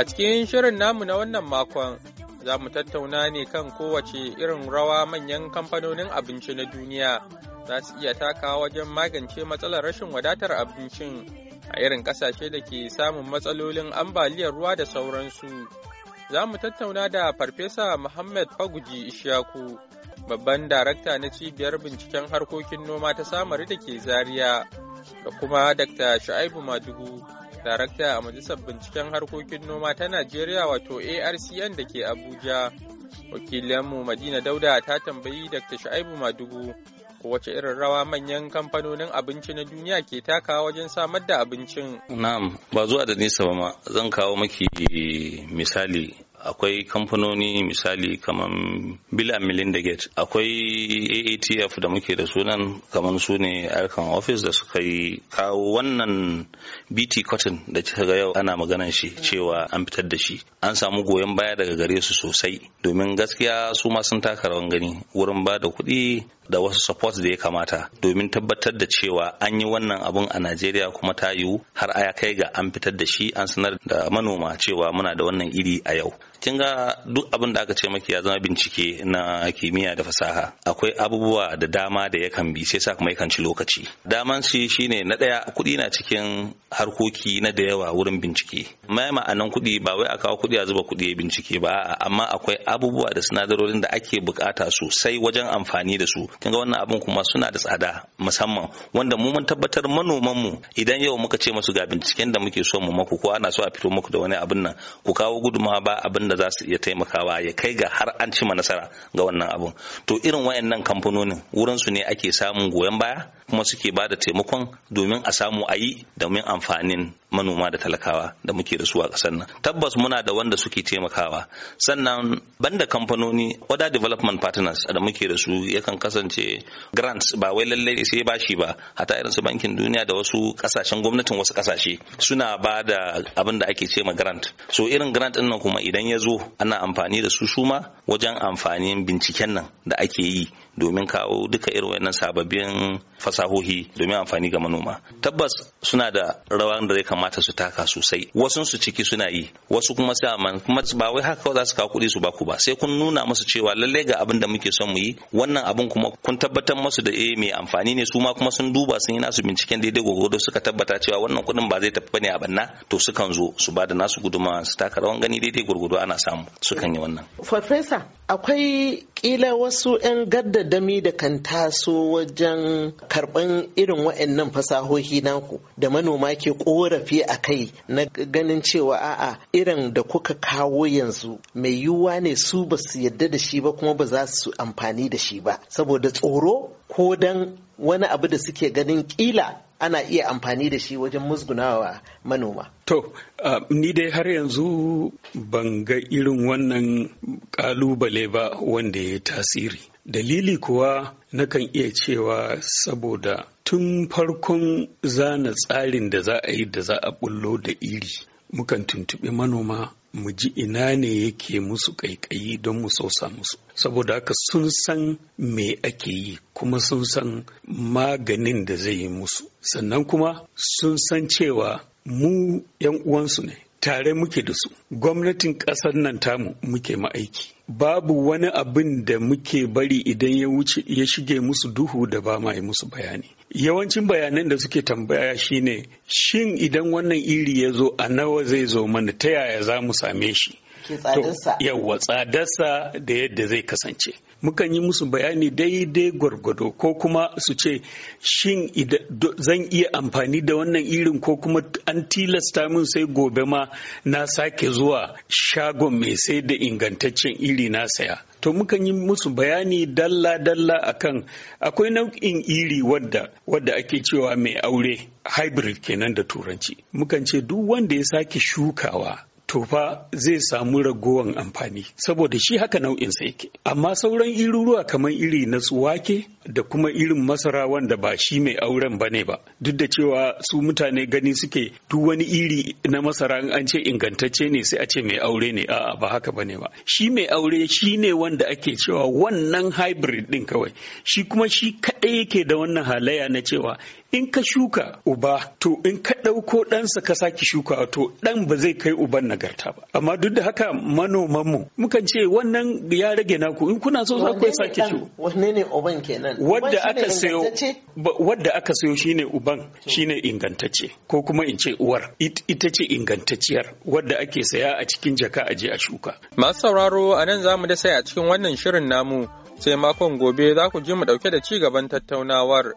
A cikin shirin namu na wannan makon za mu tattauna ne kan kowace irin rawa manyan kamfanonin abinci na duniya za su iya taka wajen magance matsalar rashin wadatar abincin a irin kasashe da ke samun matsalolin ambaliyar ruwa da sauransu. Za mu tattauna da Farfesa Muhammad Faguji Ishaku, babban darakta na cibiyar binciken harkokin noma ta samari da ke Zariya, da kuma Dr. Shu'aibu Madugu. darakta a majalisar binciken harkokin noma ta najeriya wato arcn da ke abuja wakilinmu madina dauda ta tambayi dr sha'ibu madugu wace irin rawa manyan kamfanonin abinci na duniya ke takawa wajen samar da abincin na'am ba zuwa da nesa ba ma zan kawo maki misali akwai kamfanoni misali kamar bill and melinda gate akwai aatf da muke da sunan kamar su ne arkan office da suka yi kawo wannan bt cotton da kika ga yau ana maganan shi cewa an fitar da shi an samu goyon baya daga gare su sosai domin gaskiya su ma sun taka rawan gani wurin ba da kuɗi da wasu support da ya kamata domin tabbatar da cewa an yi wannan abun a najeriya kuma ta yiwu har a ya kai ga an fitar da shi an sanar da manoma cewa muna da wannan iri a yau kin ga duk abin da aka ce maki ya zama bincike na kimiyya da fasaha akwai abubuwa da dama da yakan bi sai sa kuma yakan ci lokaci daman shi shine na daya kuɗi na cikin harkoki na da yawa wurin bincike mai ma'anan kuɗi ba wai a kawo kuɗi a zuba kuɗi ya bincike ba amma akwai abubuwa da sinadarorin da ake bukata sosai wajen amfani da su kin ga wannan abin kuma suna da tsada musamman wanda mu mun tabbatar manoman mu idan yau muka ce musu ga binciken da muke so mu maku ko ana so a fito muku da wani abin nan ku kawo gudumawa ba abin abin da za su iya taimakawa ya kai ga har an cima nasara ga wannan abun to irin wayannan kamfanonin wurin su ne ake samun goyon baya kuma suke ba da taimakon domin a samu a yi domin amfanin manoma da talakawa da muke da su a ƙasar nan tabbas muna da wanda suke taimakawa sannan banda kamfanoni wada development partners da muke da su yakan kasance grants ba wai lallai sai bashi ba hata irin su bankin duniya da wasu kasashen gwamnatin wasu kasashe suna ba da abin da ake ce ma grant so irin grant din nan kuma idan ya zo ana amfani da su suma wajen amfanin binciken nan da ake yi domin kawo duka irin wannan sababbin fasahohi domin amfani ga manoma tabbas suna da rawar da zai kamata su taka sosai wasu su ciki suna yi wasu kuma sai kuma ba wai haka za su kawo kuɗi su baku ba sai kun nuna musu cewa lallai ga abin da muke son mu yi wannan abin kuma kun tabbatar musu da eh mai amfani ne su ma kuma sun duba sun yi nasu binciken daidai gwagwado suka tabbata cewa wannan kuɗin ba zai tafi bane a banna to sukan zo su ba da nasu guduma su taka rawan gani daidai gwargwado ana samu sukan yi wannan farfesa akwai kila wasu 'yan gaddadami da kan taso wajen karɓan irin wa'annan fasahohi naku da manoma ke korafi a kai na ganin cewa a'a irin da kuka kawo yanzu mai yiwuwa ne su ba su yadda da shi ba kuma ba za su amfani da shi ba saboda tsoro ko dan wani abu da suke ganin kila ana iya amfani da shi wajen musgunawa manoma. To, uh, ni dai har yanzu ban ga irin wannan kalubale ba wanda ya tasiri. Dalili kuwa nakan iya cewa saboda tun farkon zana tsarin da za a yi da za a bullo da iri, mukan tuntuɓi manoma mu ji ina ne yake musu ƙaiƙayi don mu sosa musu saboda haka sun san me ake yi kuma sun san maganin da zai yi musu sannan kuma sun san cewa mu 'yan uwansu ne tare muke da su gwamnatin ƙasar nan tamu muke ma'aiki babu wani abin da muke bari idan ya wuce ya shige musu duhu da ba ma yi musu bayani yawancin bayanan da suke tambaya shine shin idan wannan iri ya zo a nawa zai zo mana ta yaya za mu same shi yawwa tsadarsa da yadda zai kasance mukan yi musu bayani daidai gwargwado ko kuma su ce shin zan iya amfani da wannan irin ko kuma an tilasta min sai gobe ma na sake zuwa shagon mai sai da ingantaccen iri na saya to mukan yi musu bayani dalla-dalla akan akwai nau'in iri wadda wadda ake cewa mai aure hybrid kenan da turanci mukan ce duk wanda ya sake shukawa to zai samu ragowan amfani saboda shi haka nau'insa yake amma sauran iruruwa kamar iri na wake da kuma irin masara wanda ba shi mai auren ba ne ba duk da cewa su mutane gani suke duk wani iri na masara an ce ingantacce ne sai a ce mai aure ne a'a ba haka ba ne ba shi mai aure shi ne wanda ake cewa wannan hybrid din kawai shi kuma shi kaɗai yake da wannan halayya na cewa in ka shuka uba to in ka ɗauko ɗansa ka saki shuka to ɗan ba zai kai uban na nagarta ba amma duk da haka manoman mu mukan ce wannan ya rage naku in kuna so za ku sake kiwo wanne ne uban kenan wanda aka sayo wadda aka sayo shine uban shine ingantacce ko kuma in ce uwar ita ce ingantacciyar wadda ake saya a cikin jaka aje a shuka masu sauraro a nan zamu da sai a cikin wannan shirin namu sai makon gobe za ku ji mu dauke da ci gaban tattaunawar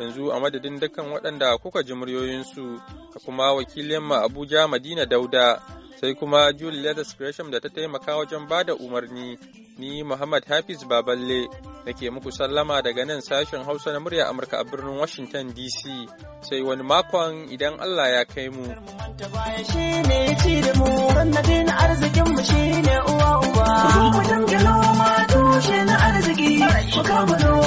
yanzu a madadin dukkan waɗanda kuka ji muryoyinsu ka kuma wakilin mu Abuja Madina Dauda sai kuma Julie Leathers Gresham da ta taimaka wajen ba da umarni, ni Muhammad Hafiz Baballe da ke muku sallama daga nan sashen Hausa na murya Amurka a birnin Washington DC, sai wani makon idan Allah ya kai mu. arzikin mu